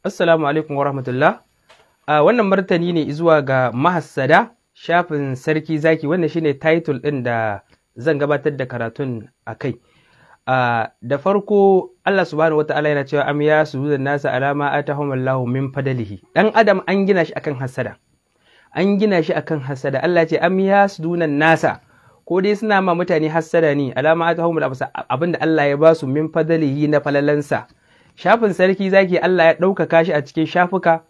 Assalamu alaikum wa rahmatullah. Uh, wannan martani ne zuwa ga mahassada shafin sarki zaki wannan shine title ɗin da zan gabatar da karatun a kai. da farko Allah subhanahu wa ta'ala yana cewa am ya sujudan nasa alama atahum Allahu min fadalihi. Dan Adam an gina shi akan hasada. An gina shi akan hasada. Allah ce am ya sujudan nasa ko dai suna ma mutane hasada ne alama atahum abinda Allah ya ba su min fadalihi na falalansa. shafin sarki zaki Allah ya ɗaukaka shi a cikin shafuka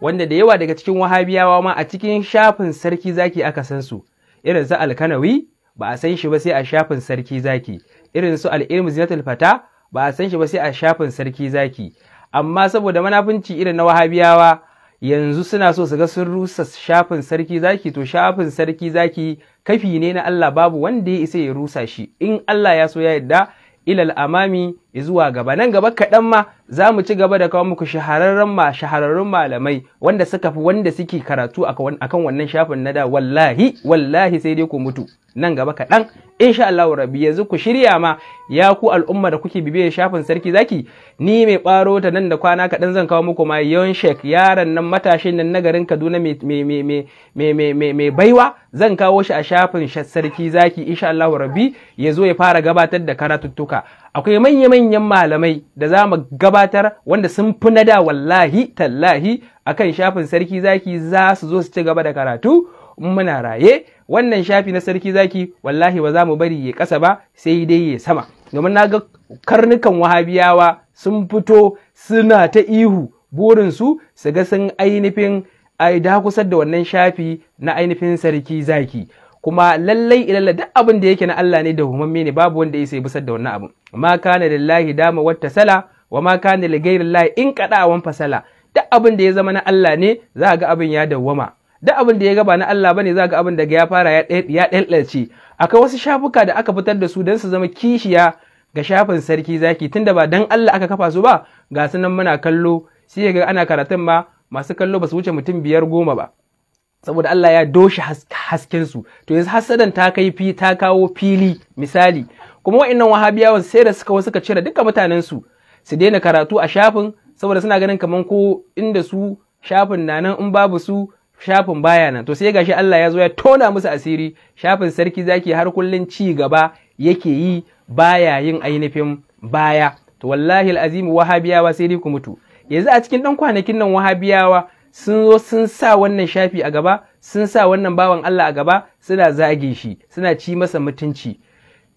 wanda da yawa daga cikin wahabiyawa ma a cikin shafin sarki zaki aka san su irin su alkanawi ba a san shi ba sai a shafin sarki zaki irin su al'ilmu zinatul fata ba a san shi ba sai a shafin sarki zaki amma saboda manafinci irin na wahabiyawa yanzu suna so su ga sun rusa shafin sarki zaki to shafin sarki zaki kafi ne na Allah babu wanda ya isa ya rusa shi in Allah ya so ya yadda ilal amami zuwa gaba nan gaba kaɗan ma za mu ci gaba da kawo muku shahararren ma shahararrun malamai wanda suka fi wanda suke karatu akan wannan shafin na da wallahi wallahi sai dai ku mutu nan gaba kaɗan insha Allah rabi yanzu ku shirya ma ya ku al'umma da kuke bibiyar shafin sarki zaki ni mai ɓaro ta nan da kwana kaɗan zan kawo muku ma yon shek yaron nan matashin nan na garin Kaduna mai baiwa zan kawo shi a shafin sarki zaki insha Allah rabi ya zo ya fara gabatar da karatuttuka akwai manya manyan malamai da za mu gabatar wanda sun fi nada wallahi tallahi akan shafin sarki zaki za su zo su ci gaba da karatu muna raye wannan shafi na sarki zaki wallahi ba za mu bari ya ƙasa ba sai dai ya sama domin na ga karnukan wahabiyawa sun fito suna ta ihu burinsu su ga sun ainihin ai da kusa da wannan shafi na ainihin sarki zaki kuma lallai ilalla duk abin da yake na Allah ne da humamme ne babu wanda sai busar da wannan abin ma kana lillahi dama wata sala wa ma kana li ghairillahi in wan fasala duk abin da ya zama na Allah ne za ga abin ya dawwama duk abin da ya gaba na Allah bane za ga abin daga ya fara ya ɗalɗalce akwai wasu shafuka da aka fitar da su dan su zama kishiya ga shafin sarki zaki tunda ba dan Allah aka kafa su ba ga sunan muna kallo sai ga ana karatun ma masu kallo ba su wuce mutum biyar goma ba saboda Allah ya doshi hasken su to yanzu hasadan ta kai fi ta kawo fili misali kuma wa'annan wahabiyawan sai da suka suka cire duka mutanen su su daina karatu a shafin saboda suna ganin kaman ko inda su shafin na nan in babu su shafin baya nan to sai gashi Allah ya zo ya tona musu asiri shafin sarki zaki har kullun ci gaba yake yi baya yin ainihin baya to wallahi alazim wahabiyawa sai dai ku mutu yanzu a cikin dan kwanakin nan wahabiyawa sun zo sun sa wannan shafi a gaba sun sa wannan bawan Allah a gaba suna zage shi suna ci masa mutunci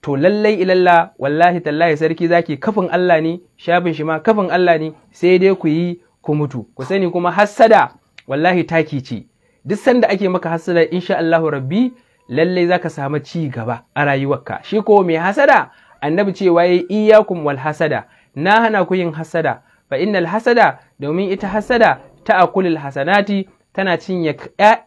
to lallai ilalla wallahi tallahi sarki zaki kafin Allah ne shafin shi ma kafin Allah ne sai dai ku yi ku mutu ku sani kuma hassada wallahi taki ce duk sanda ake maka hassada insha Allahu rabbi lallai zaka samu ci gaba a rayuwarka shi ko mai hasada annabi cewa yayi iyyakum wal hasada na hana ku yin hasada fa innal hasada domin ita hasada ta akulil hasanati tana cinye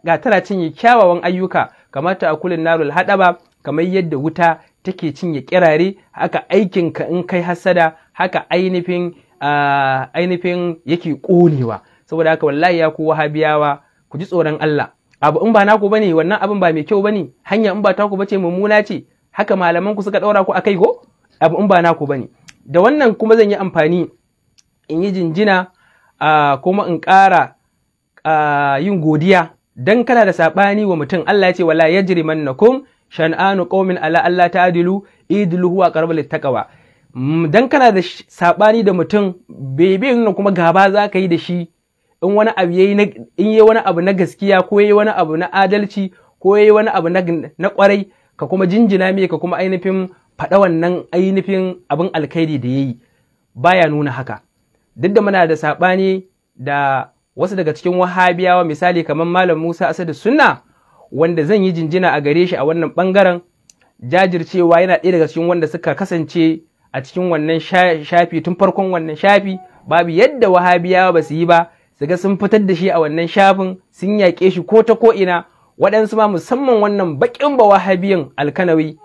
ga tana cinye kyawawan ayyuka kamar ta akulin narul hadaba kamar yadda wuta take cinye kirare haka aikinka in kai hasada haka ainifin ainifin yake konewa saboda haka wallahi ya ku wahabiyawa ku ji tsoron Allah abu in ba naku bane wannan abin ba mai kyau bane hanya in ba taku bace mummuna ce haka malaman ku suka daura ku akai ko abu in ba naku bane da wannan kuma zan yi amfani in yi jinjina kuma in ƙara yin godiya dan kana da saɓani wa mutum Allah ya ce wala ya yajrimannakum shan'anu ƙomin ala Allah ta adilu idilu huwa qarbal littakawa dan kana da saɓani da mutum bai bai nuna kuma gaba za ka yi da shi in wani abu yayi wani abu na gaskiya ko yayi wani abu na adalci ko yayi wani abu na kwarai ka kuma jinjina mai ka kuma ainihin faɗa wannan ainihin abin alkhairi da yayi baya nuna haka duk da muna da saɓani da wasu daga cikin wahabiyawa misali kamar malam Musa Asadu Sunna wanda zan yi jinjina a gare shi a wannan bangaren jajircewa yana ɗaya daga cikin wanda suka kasance a cikin wannan shafi tun farkon wannan shafi babu yadda wahabiyawa ba su yi ba su ga sun fitar da shi a wannan shafin sun yaƙe shi ko ta ko'ina, waɗansu ma musamman wannan baƙin ba wahabiyin alkanawi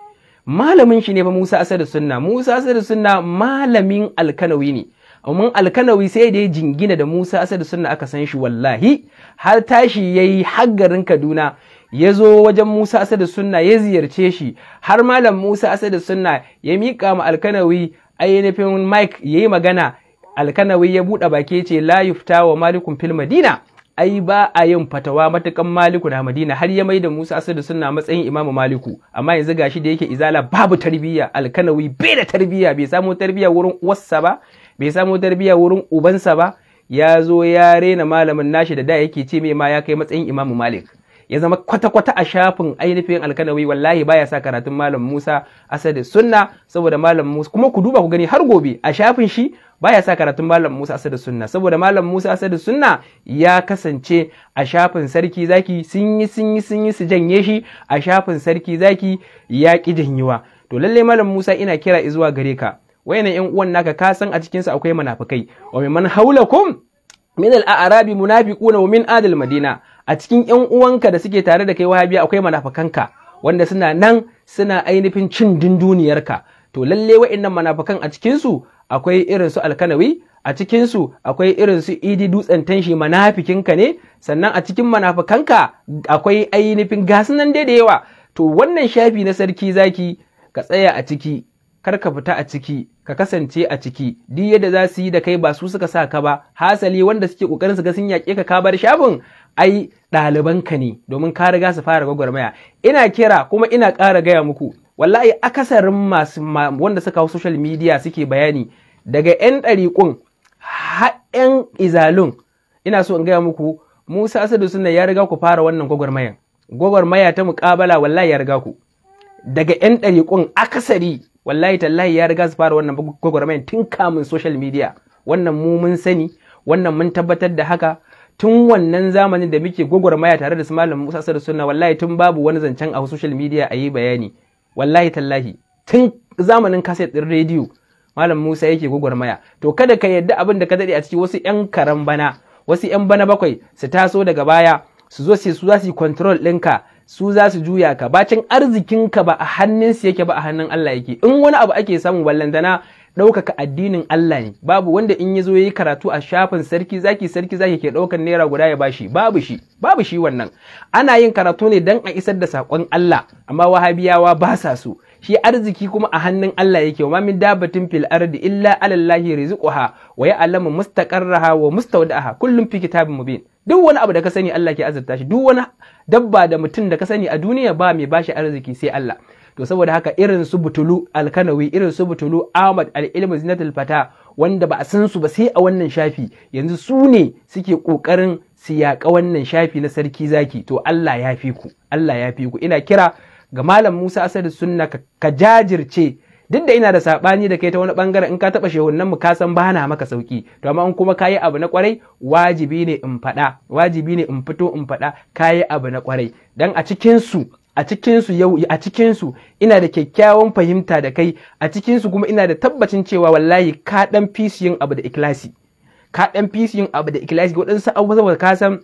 malamin shi ne fa Musa Asadu Sunna Musa Asadu Sunna malamin alkanawi ne amma alkanawi sai dai jingina da Musa Asadu sunna aka san shi wallahi har tashi yayi haggarin Kaduna ya zo wajen Musa Asadu sunna ya ziyarce shi har malam Musa Asadu sunna ya miƙa ma alkanawi ainihin Mike yayi magana alkanawi ya buɗe baki ce la yufta wa malikun fil madina ai ba a yin fatawa matukan maliku na madina har ya maida musa asadu suna matsayin imamu maliku amma yanzu gashi da yake izala babu tarbiyya alkanawi bai da tarbiyya bai samu tarbiyya wurin uwarsa ba bai samu tarbiyya wurin ubansa ba ya zo ya rena malamin nashi da da yake ce mai ma ya kai matsayin imamu malik ya zama kwata-kwata a shafin ainihin alkanawi wallahi baya sa karatun malam musa asadi sunna saboda malam musa kuma ku duba ku gani har gobe a shafin shi baya sa karatun malam musa asadi sunna saboda malam musa asadi sunna ya kasance a shafin sarki zaki sun yi sun yi sun yi su janye shi a shafin sarki zaki ya ki janyewa to lalle malam musa ina kira zuwa gare ka wayannan yan uwan naka ka san a cikin sa akwai munafikai wa man haulakum min al-a'rabi munafiquna wa min adil madina a cikin yan uwanka da suke tare da kai wahabiya akwai munafikanka wanda suna nan suna ainihin cin dunduniyarka to lalle wayannan munafikan a cikin su akwai irin su alkanawi a cikin su akwai irin su idi dutsen tanshi manafikinka ne sannan a cikin manafikanka akwai ainihin gasu nan dai da yawa to wannan shafi na sarki zaki ka tsaya a ciki kar ka fita a ciki ka kasance a ciki duk yadda za su yi da kai ba su suka sa ka ba hasali wanda suke kokarin su ga sun yaƙe ka ka bar shafin ai ɗalibanka ne domin ka riga su fara gwagwarmaya ina kira kuma ina ƙara gaya muku wallahi akasarin masu wanda suka hau social media suke bayani daga 'yan ɗariƙun har izalun ina so in gaya muku Musa Asadu suna ya riga ku fara wannan gwagwarmayan gwagwarmaya ta muƙabala wallahi ya riga ku daga 'yan ɗariƙun akasari wallahi tallahi ya riga su fara wannan gwagwarmayan tun kamun social media wannan mu mun sani wannan mun tabbatar da haka tun wannan zamanin da muke gwagwarmaya tare da su malam Musa suna Sunna wallahi tun babu wani zancen a social media a yi bayani wallahi tallahi tun zamanin kaset ɗin rediyo malam Musa yake gwagwarmaya to kada ka yadda abin da ka daɗe a ciki wasu 'yan karan bana wasu 'yan bana bakwai su taso daga baya su zo su za su yi control ɗinka su za su juya ka bacin arzikinka ba a hannun su yake ba a hannun Allah yake in wani abu ake samu ballantana ɗaukaka addinin Allah ne babu wanda in yazo zo ya yi karatu a shafin sarki zaki sarki zaki ke ɗaukan naira guda ya bashi babu shi babu shi wannan ana yin karatu ne dan a isar da saƙon Allah amma wahabiyawa ba sa so shi arziki kuma a hannun Allah yake wa min dabatin fil ardi illa alallahi rizquha wa ya'lamu mustaqarraha wa mustawda'aha kullum fi kitabin mubin duk wani abu da ka sani Allah ke azurta shi duk wani dabba da mutum da ka sani a duniya ba mai bashi arziki sai Allah to saboda haka irin su butulu alkanawi irin su butulu ahmad al-ilmu zinatul fata wanda ba a san su ba sai a wannan shafi yanzu su ne suke kokarin su yaƙa wannan shafi na sarki zaki to Allah ya fi ku Allah ya fi ku ina kira ga malam Musa Asadu Sunna ka jajirce duk da ina da saɓani da kai ta wani bangare in ka taba shehunan mu ka san bana maka sauki to amma in kuma kayi abu na kwarai wajibi ne in faɗa wajibi ne in fito in faɗa kayi abu na kwarai dan a cikin su a cikin su yau a cikin su ina da kyakkyawan fahimta da kai a cikin su kuma ina da tabbacin cewa wallahi ka dan fisi yin abu da ikilasi ka dan fisi yin abu da ikilasi waɗansu abubuwa ka san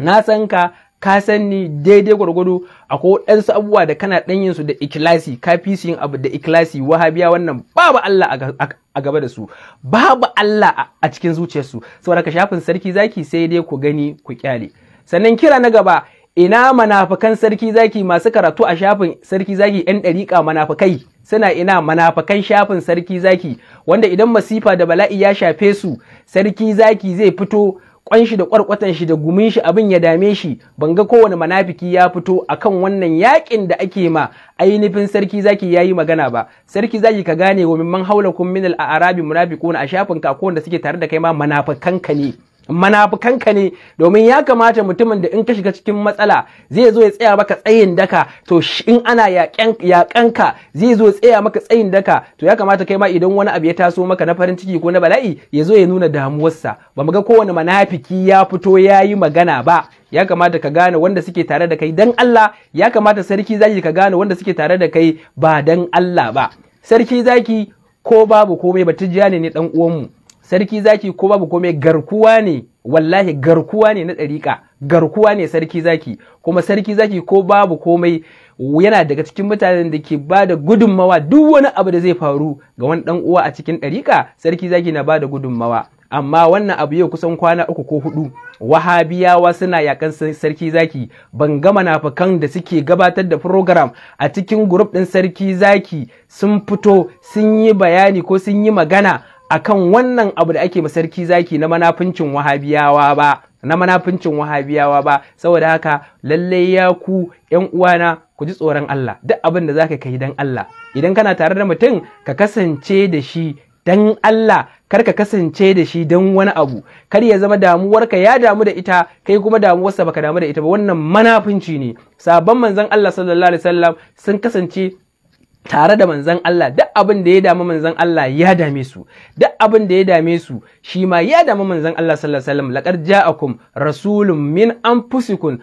na san ka ka san ni daidai gwargwado akwai waɗansu abubuwa da kana ɗanyin su da ikilasi ka fi su yin abu da ikilasi wahabiya wannan babu Allah a gaba da su babu Allah a cikin zuciyarsu saboda ka shafin sarki zaki sai dai ku gani ku kyale sannan kira na gaba ina manafakan sarki zaki masu karatu a shafin sarki zaki yan ɗariƙa manafakai suna ina manafakan shafin sarki zaki wanda idan masifa da bala'i ya shafe su sarki zaki zai fito kwan shi da kwarkwatan shi da gumin shi abin ya dame shi ban ga kowane manafiki ya fito akan wannan yakin da ake ma ainihin sarki zaki yayi magana ba sarki zaki ka gane wa mimman kun min al-arabi munafiquna a shafin ka ko wanda suke tare da kai ma manafikan ka ne manafukanka ne domin ya kamata mutumin da in ka shiga cikin matsala zai zo ya tsaya maka tsayin daka to in ana yaƙanka zai zo tsaya maka tsayin daka to ya kamata kai ma idan wani abu ya taso maka na farin ciki ko na bala'i ya zo ya nuna damuwarsa ba mu ga kowane manafiki ya fito ya yi magana ba ya kamata ka gane wanda suke tare da kai dan Allah ya kamata sarki zaki ka gane wanda suke tare da kai ba dan Allah ba sarki zaki ko babu komai ba tijjani ne dan uwanmu sarki zaki ko babu komai garkuwa ne wallahi garkuwa ne na ɗariƙa garkuwa ne sarki zaki kuma sarki zaki ko babu komai yana daga cikin mutanen da ke ba da gudunmawa duk wani abu da zai faru ga wani ɗan uwa a cikin ɗariƙa sarki zaki na ba da gudunmawa amma wannan abu yau kusan kwana uku ko hudu wahabiyawa suna yakan sarki zaki ban ga munafukan da suke gabatar da program a cikin grup ɗin sarki zaki sun fito sun yi bayani ko sun yi magana akan wannan abu da ake masarki zaki na manafincin wahabiyawa ba na manafincin wahabiyawa ba saboda haka lallai ya ku yan uwana ku ji tsoron Allah duk abin da zaka kai dan Allah idan kana tare da mutum ka kasance da shi dan Allah kar ka kasance da shi dan wani abu kar ya zama damuwarka ya damu da ita kai kuma damuwarsa baka damu da ita ba wannan manafinci ne sabon manzon Allah sallallahu alaihi wasallam sun kasance tare da manzan Allah duk abin da ya dama manzan Allah ya dame su duk abin da ya dame su shi ma ya dama manzan Allah sallallahu alaihi wasallam laqad ja'akum rasulun min anfusikum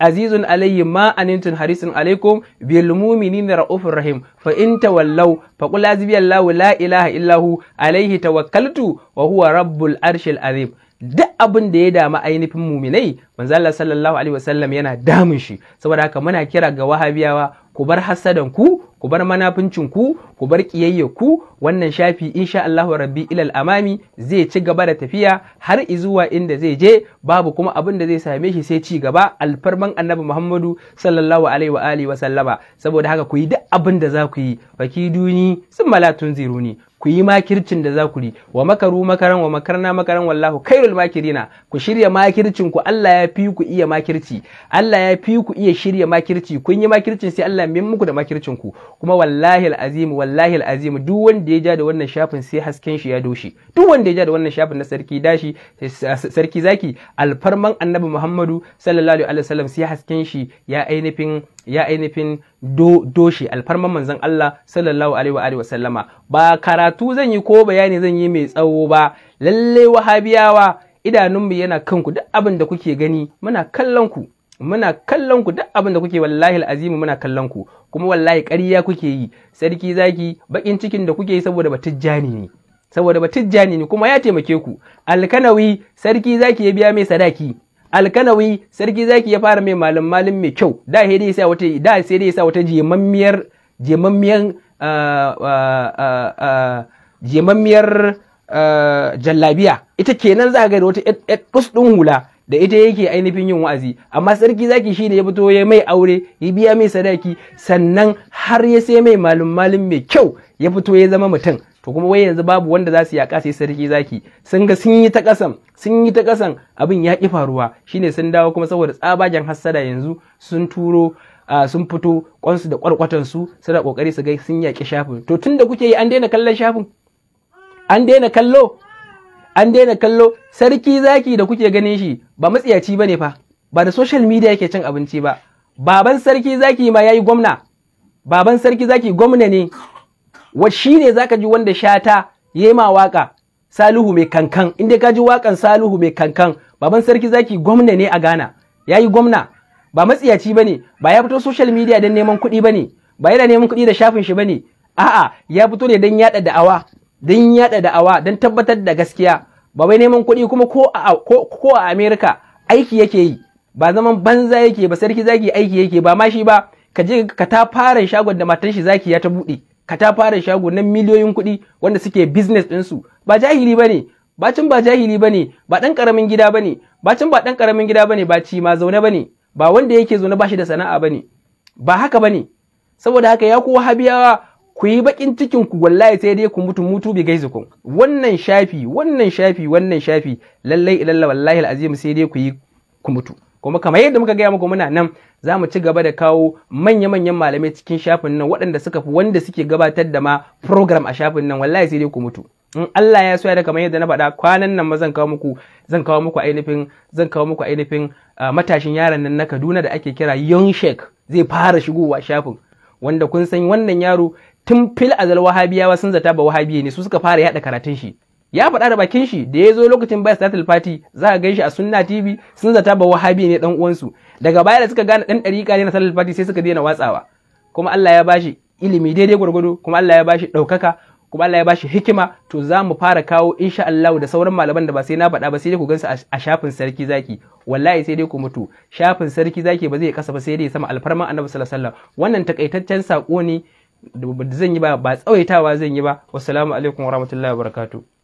azizun alayhi ma anantum harisun alaikum bil mu'minina raufur rahim fa in tawallaw fa qul azbiyallahu la ilaha illahu alaihi tawakkaltu wa huwa rabbul arshil azim duk abin da ya dama ainihin muminai manzan Allah sallallahu alaihi wasallam yana damun shi saboda haka muna kira ga wahabiyawa ku bar hasadan ku ku bar manafincin ku ku bar kiyayya ku wannan shafi insha Allah rabbi ilal amami zai ci gaba da tafiya har izuwa inda zai je babu kuma abin da zai same shi sai ci gaba alfarman annabi Muhammadu sallallahu alaihi wa alihi wa saboda haka ku yi duk abin da za ku yi baki duni sun malatun ziruni ku yi makircin da za ku yi wa makaru makaran wa makarna makaran wallahu kairul makirina ku shirya makircin ku Allah ya fi ku iya makirci Allah ya fi ku iya shirya makirci kun yi makircin sai Allah min muku da makircin ku kuma wallahi alazim wallahi alazim duk wanda ya ja da wannan shafin sai hasken shi ya doshi duk wanda ya ja da wannan shafin na sarki dashi eh, sarki zaki alfarman annabi Muhammadu sallallahu alaihi wasallam sai hasken shi ya ainihin ya ainihin doshi alfarman manzon Allah sallallahu alaihi wa alihi wa sallama ba karatu zan yi ko bayani zan yi mai tsawo ba lalle wahabiyawa idanunmu yana kanku duk abin da kuke gani muna kallon ku muna kallon ku duk abin da kuke wallahi azimi muna kallon ku kuma wallahi ƙarya kuke yi sarki zaki bakin cikin da kuke yi saboda ba Tijjani ne saboda ba Tijjani ne kuma ya taimake ku alkanawi sarki zaki ya biya mai sadaki alkalawi sarki zaki ya fara mai malam malam mai kyau da sai dai sa wata da sai dai sa wata jemammiyar jemammiyan jemammiyar ah, ah, ah, jallabiya ita kenan za ga da wata ɗin hula da ita yake ainihin yin wa'azi amma sarki zaki shine ya fito ya mai aure ya biya mai sadaki sannan har ya sai mai malam-malam mai kyau ya fito ya zama mutum to kuma wai yanzu babu wanda za su yaƙa sai sarki zaki sun ga sun yi ta ƙasan sun yi ta ƙasan abin ya ƙi faruwa shine sun dawo kuma saboda tsabagen hassada yanzu sun turo sun fito ƙwansu da ƙwarƙwatansu. su suna kokari su ga sun yaƙi shafin to tun da kuke yi an daina kallon shafin an daina kallo an daina kallo sarki zaki da kuke ganin shi ba matsiyaci bane fa ba da social media yake cin abinci ba baban sarki zaki ma yayi gwamna baban sarki zaki gwamna ne wa shi ne za ka ji wanda shata yema waka Salihu mai kankan inda ka ji wakan Salihu mai kankan baban sarki zaki gwamna ne a Ghana Ya yi gwamna ba matsiyaci ne. ba ya fito social media don neman kuɗi ba ne? ba yana neman kuɗi da shafin shi ba ne? a'a ya fito ne don yaɗa da'awa don yaɗa da'awa don tabbatar da gaskiya ba wai neman kuɗi kuma ko a ko a amerika aiki yake yi ba zaman banza yake ba sarki zaki aiki yake ba ma shi ba ka je ka ta fara shagon da matan shi zaki ya ta buɗe ka ta fara shago nan miliyoyin kuɗi wanda suke business ɗinsu ba jahili ba cin ba jahili bane ba ɗan ƙaramin gida ba cin ba ɗan ƙaramin gida bane ba ci ma zaune bane ba wanda yake zaune ba shi da sana'a bane. ba haka bane saboda haka ya kowa habiyawa ku yi baƙin cikin ku wallahi sai dai ku mutu mutu bi kun. wannan shafi wannan shafi wannan shafi lallai ilalla wallahi al'azim sai dai ku yi ku mutu kuma kamar yadda muka gaya muku muna nan za mu ci gaba da kawo manya-manyan malamai cikin shafin nan waɗanda suka fi wanda suke gabatar da ma program a shafin nan wallahi sai dai ku mutu in Allah ya so ya da kamar yadda na faɗa kwanan nan ma zan kawo muku zan kawo muku ainihin zan kawo muku ainihin ah, matashin yaron nan na Kaduna da ake kira Young Sheikh zai fara shigowa shafin wanda kun san wannan yaro tun fil azal wahabiyawa sun zata ba wahabiye ne su suka fara yada karatun shi ya faɗa da bakin shi da ya zo lokacin bai salatul fati za ka gaishe a sunna tv sun zata ba wahabi ne dan uwansu daga baya da suka gane dan ɗari ne na salatul fati sai suka daina watsawa kuma Allah ya bashi ilimi daidai gwargwado kuma Allah ya bashi ɗaukaka kuma Allah ya bashi hikima to za mu fara kawo insha Allah da sauran malaman da ba sai na faɗa ba sai dai ku gansu a shafin sarki zaki wallahi sai dai ku mutu shafin sarki zaki ba zai kasa ba sai dai sama alfarman annabi sallallahu alaihi wasallam wannan takaitaccen sako ne da zan yi ba ba tsawaitawa zan yi ba wassalamu alaikum warahmatullahi wabarakatuh